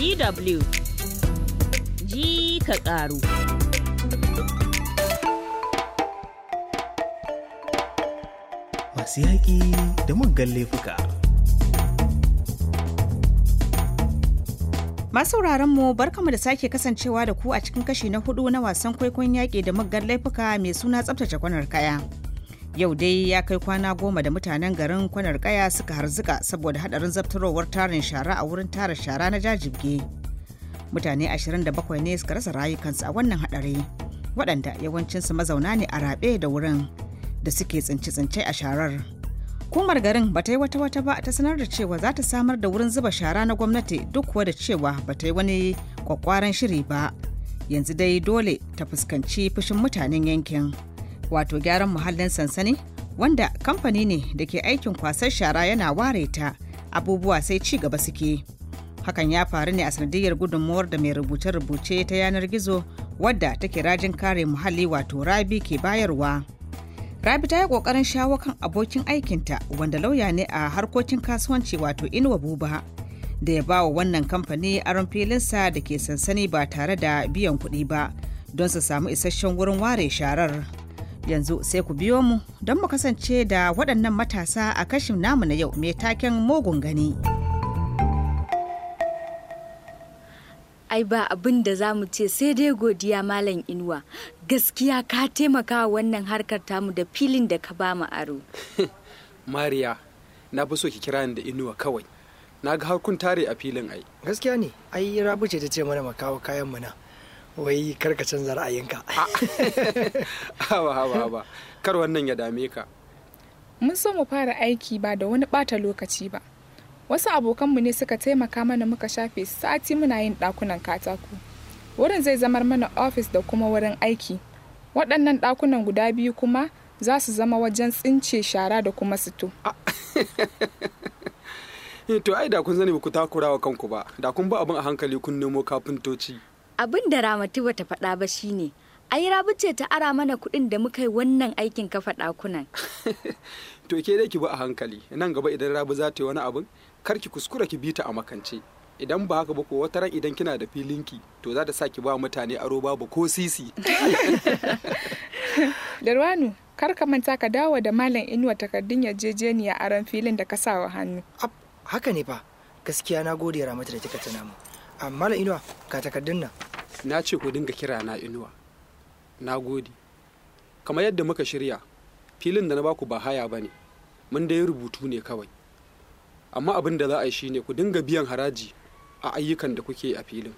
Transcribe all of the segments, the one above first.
DW ji ka ƙaru. Masu yaƙi da muggan laifuka. Masu mu barkamu da sake kasancewa da ku a cikin kashi na hudu na wasan kwaikwayon yaƙi da muggan laifuka mai suna tsabtace kwanar kaya. yau dai ya kai kwana goma da mutanen garin kwanar kaya suka harzuka saboda hadarin zabtarowar tarin shara a wurin tara shara na jajibge mutane 27 ne suka rasa rayukansu a wannan hadari waɗanda yawancinsu mazauna ne a rabe da wurin da suke tsince-tsince a sharar hukumar garin ba ta yi wata wata ba ta sanar da cewa za ta samar da wurin zuba shara na gwamnati duk kuwa da cewa ba ta yi wani kwakwaran shiri ba yanzu dai dole ta fuskanci fushin mutanen yankin. wato gyaran muhallin sansani wanda kamfani ne da ke aikin kwasar shara yana ware ta abubuwa sai ci gaba suke hakan ya faru ne a sanadiyar gudunmuwar da mai rubuce-rubuce ta yanar gizo wadda ta rajin kare muhalli wato rabi ke bayarwa rabi ta yi kokarin shawo kan abokin aikinta wanda lauya ne a harkokin kasuwanci wato inuwa buba da ya bawa wannan kamfani aron filinsa da ke sansani ba tare da biyan kuɗi ba don su samu isasshen wurin ware sharar yanzu sai ku biyo mu don mu kasance da waɗannan matasa a kashin namu na yau mai taken mugun gani. ai ba abin da za mu ce sai dai godiya malam inuwa gaskiya ka taimaka wannan harkar tamu da filin da ka ba mu aro mariya na fi so ki kira ni da inuwa kawai na ga har tare a filin ai gaskiya ne ai rabu ce ta ce mana makawo kayan mu na wai karka canza ra'ayinka ah. kar wannan ya dame ka mun so mu fara aiki ba da wani bata lokaci ba wasu abokanmu ne suka taimaka mana muka shafe sati muna yin dakunan katako wurin zai zamar mana ofis da kuma wurin aiki waɗannan dakunan guda biyu kuma za su zama wajen tsince shara da kuma sito ah. eh, to ai da kun zani ba ku takura wa kanku ba da kun ba abin a hankali kun nemo kafintoci abin da ramatu bata faɗa ba shine ai rabu ce ta ara mana kuɗin da muka yi wannan aikin kafa ɗakunan to ke dai ki bi a hankali nan gaba idan rabu za ta yi wani abin kar ki kuskura ki bi ta a makance idan ba haka ba ko wata ran idan kina da filinki to za ta sa ki ba mutane aro babu ko sisi darwanu kar ka manta ka dawo da malam inuwa takardun yarjejeniya a ran filin da ka sa wa hannu haka ne fa gaskiya na gode ramatu da kika tana mu amma malam inuwa ka takardun nan na ce ku dinga kira na inuwa na gode kamar yadda muka shirya filin da na baku ba haya ba ne mun dai rubutu ne kawai amma abin da za a yi shine ku dinga biyan haraji a ayyukan da kuke a filin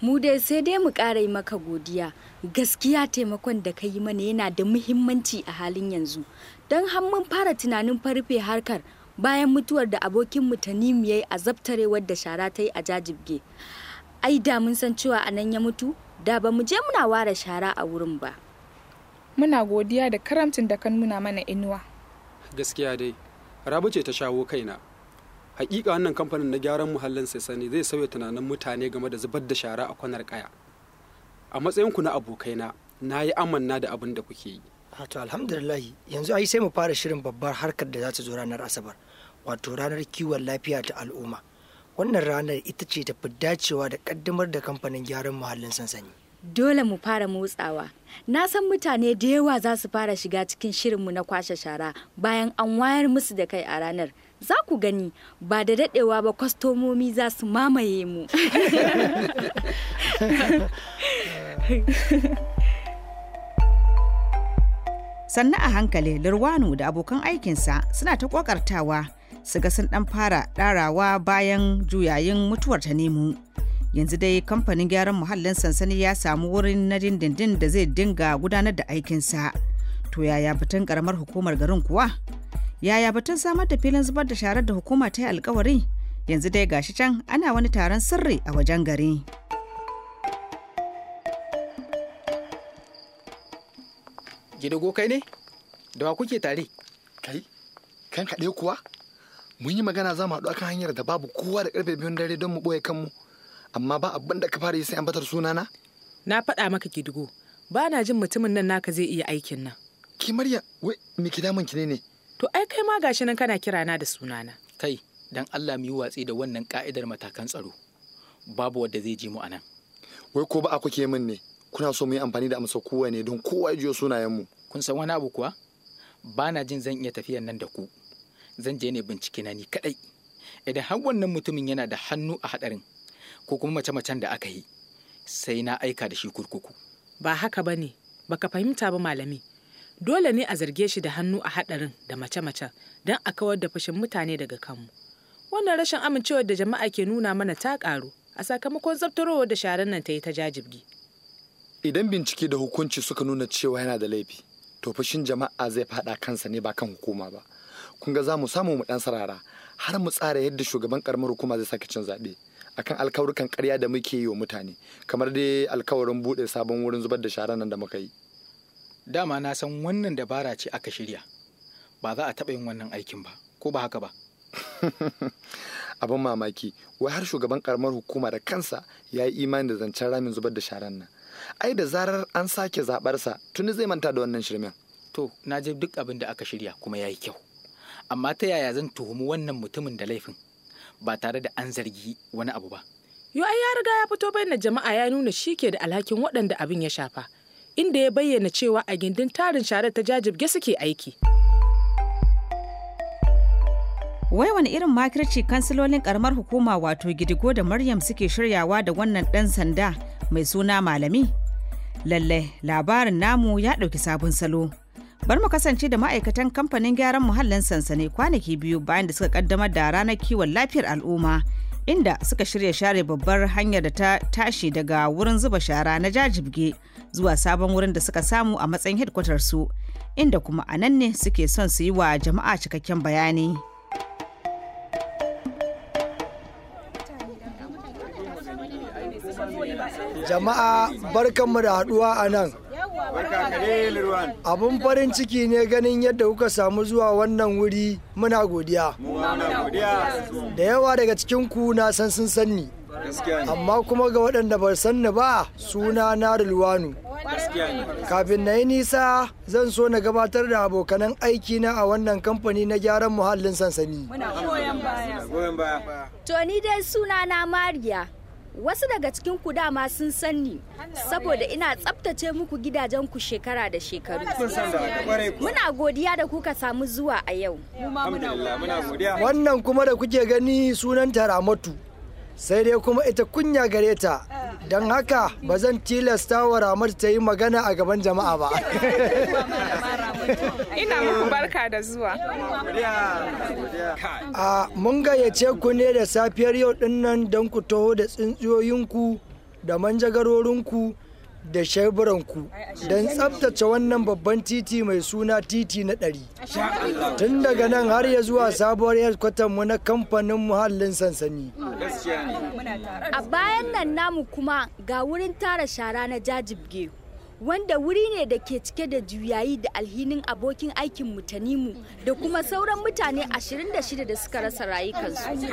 mu dai sai dai mu ƙara maka godiya gaskiya taimakon da ka yi mana yana da muhimmanci a halin yanzu don har mun fara tunanin farfe harkar bayan mutuwar da abokinmu tanimu ya yi a zabtarewar da shara ta yi a jajibge ai da mun san cewa a nan ya mutu da ba mu je muna ware shara a wurin ba muna godiya da karamcin da kan nuna mana inuwa gaskiya dai rabu ce ta shawo kaina hakika wannan kamfanin na gyaran muhallin sani zai sauya tunanin mutane game da zubar da shara a kwanar kaya a matsayinku na abokaina na yi amanna da abin da kuke yi ah, to alhamdulillah yanzu ai sai mu fara shirin babbar harkar da za ta zo ranar asabar wato ranar kiwon lafiya ta al'umma wannan ranar ita ce tafi dacewa da kaddamar da kamfanin gyaran muhallin sansani. Dole mu fara motsawa. Na san mutane da yawa za su fara shiga cikin shirinmu na kwashe shara bayan an wayar musu da kai a ranar. Za ku gani ba da daɗewa ba kwastomomi za su mamaye mu. Sannan a hankali Lirwanu da abokan aikinsa suna ta ƙoƙartawa su ga sun ɗan fara ɗarawa bayan juyayin mutuwar ta nemo. Yanzu dai kamfanin gyaran muhallin sansani ya samu wurin na dindindin da zai dinga gudanar da aikinsa. To yaya batun karamar hukumar garin kuwa? Yaya batun samar da filin zubar da sharar da hukuma ta yi alkawari? Yanzu dai gashi can ana wani taron sirri a wajen gari. Gidago kai ne? Da wa kuke tare? Kai? Kan kaɗai kuwa? mun yi magana za mu haɗu akan hanyar da babu kowa da karfe biyun dare don mu ɓoye kanmu amma ba abin da ka fara yi sai an batar sunana na faɗa maka kidigo ba na jin mutumin nan naka zai iya aikin nan ki marya wai me ki damun ki ne ne to ai kai ma gashi nan kana kira na da sunana kai dan Allah mu yi watsi da wannan ka'idar matakan tsaro babu wanda zai ji mu anan wai ko ba a kuke min ne kuna so mu yi amfani da amsa kowa ne don kowa ya jiyo sunayen mu kun san wani abu kuwa ba na jin zan iya tafiyan nan da ku zan je ne bincike na ni kadai idan har wannan mutumin yana da hannu a hadarin ko kuma mace-macen da aka yi sai na aika da shi kurkuku ba haka ba ne baka fahimta ba malami dole ne a zarge shi da hannu a hadarin da mace-macen don a kawar da fushin mutane daga kanmu wannan rashin amincewar da jama'a ke nuna mana ta karu a sakamakon tsaftarowar da sharan nan ta yi ta jajibgi idan bincike da hukunci suka nuna cewa yana da laifi to fushin jama'a zai faɗa kansa ne ba kan hukuma ba kun ga za mu samu mu dan sarara har mu tsara yadda shugaban karamar hukuma zai sake cin zaɓe akan alkawurkan ƙarya da muke yi wa mutane kamar dai alkawarin buɗe sabon wurin zubar da shara nan da muka yi dama na san wannan dabara ce aka shirya ba za a taɓa yin wannan aikin ba ko ba haka ba abin mamaki wai har shugaban karamar hukuma da kansa ya yi imani da zancen ramin zubar da sharan nan ai da zarar an sake zabarsa tuni zai manta da wannan shirmen to na je duk abin da aka shirya kuma ya yi kyau amma ta yaya zan tuhumi wannan mutumin da laifin ba tare da an zargi wani abu ba yo ai ya riga ya fito bayyana jama'a ya nuna shi ke da alhakin waɗanda abin ya shafa inda ya bayyana cewa a gindin tarin share ta jajibge suke aiki wai wani irin makirci kansilolin karamar hukuma wato gidigo da maryam suke shiryawa da wannan ɗan sanda mai suna malami lalle labarin namu ya ɗauki sabon salo Bar mu kasance da ma'aikatan kamfanin gyaran muhallin sansani kwanaki biyu bayan da suka kaddamar da ranar kiwon lafiyar al'umma inda suka shirya share babbar hanyar da ta tashi daga wurin zuba shara na jajibge zuwa sabon wurin da suka samu a matsayin hedkwatar su inda kuma a nan ne suke son su yi wa jama'a cikakken bayani. Jama'a barkanmu da haɗuwa a nan. Abun farin ciki ne ganin yadda kuka samu zuwa wannan wuri muna godiya. Da yawa daga cikin ku na san sun sanni. Amma kuma ga waɗanda ba sanni ba suna na Rilwanu. Kafin na yi nisa zan so na gabatar da abokanan aiki na a wannan kamfani na gyaran muhallin sansani. To ni dai suna na Mariya. Wasu daga cikin ku dama sun san saboda ina tsabtace muku gidajen ku shekara da shekaru. Muna godiya da kuka samu zuwa a yau. Wannan kuma da kuke gani sunan Ramatu. Sai dai kuma ita kunya gare ta don haka ba zan tilasta wa Ramatu ta yi magana a gaban jama'a ba. Ina muku barka da zuwa. A mun gayyace ku ne da safiyar yau dinnan don ku taho da tsintsiyoyinku da manjagarorinku da shaiburanku don tsabtace wannan babban titi mai suna titi na ɗari. Tun daga nan har ya zuwa sabuwar mu na kamfanin muhallin sansani. A bayan nan namu kuma ga wurin tara shara na jajibge. wanda wuri ne da ke cike da juyayi da alhinin abokin aikin mutanimu da kuma sauran mutane 26 da suka rasa rayukansu.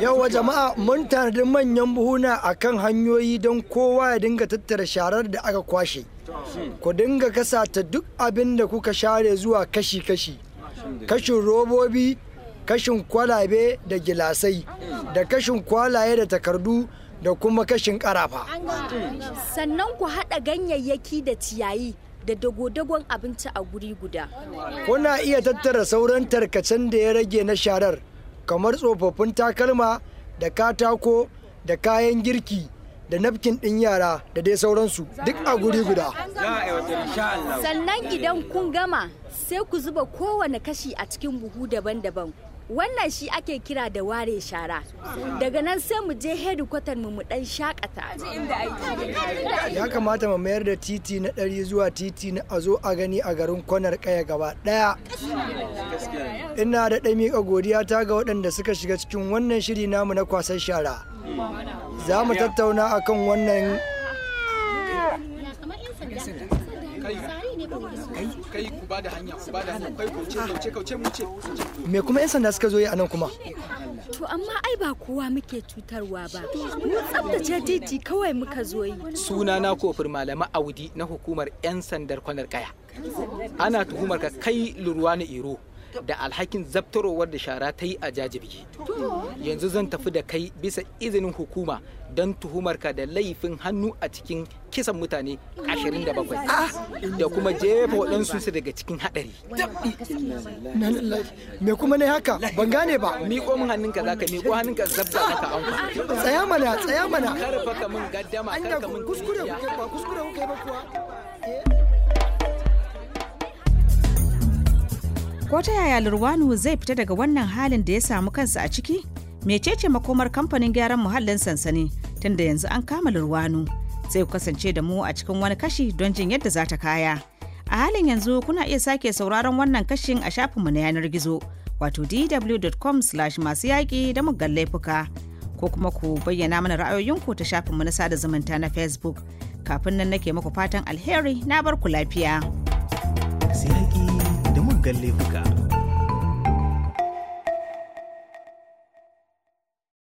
Yawa jama'a mun tanadi manyan buhuna a kan hanyoyi don kowa ya dinga tattara sharar da aka kwashe. Ku dinga kasa ta duk abin da kuka share zuwa kashi-kashi. Kashin robobi, kashin kwalabe da gilasai, da kashin kwalaye da takardu. da kuma kashin karafa. Sannan ku haɗa ganyayyaki da ciyayi da dago-dagon abinci a guri guda. Kuna iya tattara sauran tarkacen da ya rage na sharar kamar tsofaffin takalma da katako da kayan girki da nafkin ɗin yara da dai sauransu duk a guri guda. Sannan idan kun gama sai ku zuba kowane kashi a cikin buhu daban-daban wannan shi ake kira da ware shara daga nan sai mu je hedikwatar mu dan shakata ya kamata mu mayar da titi na ɗari zuwa titi na a zo a gani a garin kwanar kaya gaba ɗaya ina da ɗan miƙa godiya ta ga waɗanda suka shiga cikin wannan shiri namu na kwasan shara za mu tattauna akan wannan kai kai ku ba hanya ku ba hanya kai kauce kauce kauce me kuma yan sanda suka zo yi anan kuma to amma ai ba kowa muke cutarwa ba mu tsabtace titi kawai muka zo yi suna na kofar malama audi na hukumar yan sandar kwanar kaya ana tuhumar ka kai lurwa na iro da alhakin zabtarowar da shara ta yi a jajibi yanzu zan tafi da kai bisa izinin hukuma don tuhumarka da laifin hannu a cikin kisan mutane 27 da kuma jefa waɗansu su daga cikin haɗari. Me kuma ne haka ban gane ba. Miƙo min hannunka za ka miƙo hannunka zabda haka an Tsaya mana tsaya mana. Karfa ka min gaddama karka min kuskure ba kuskure kuke ba kuwa. Eh. Ko ta yaya Lurwanu zai fita daga wannan halin da ya samu kansa a ciki? Mecece makomar kamfanin gyaran muhallin sansani tunda yanzu an kama Lurwanu. Zai kasance da mu a cikin wani kashi don jin yadda za ta kaya. A halin yanzu kuna iya sake sauraron wannan kashin a shafinmu na yanar gizo wato dw.com masu yaƙi da muggan laifuka. ko kuma ku bayyana mana ra'ayoyinku ta shafinmu na sada zumunta na facebook kafin nan nake muku fatan alheri na barku lafiya. गल्ली विकार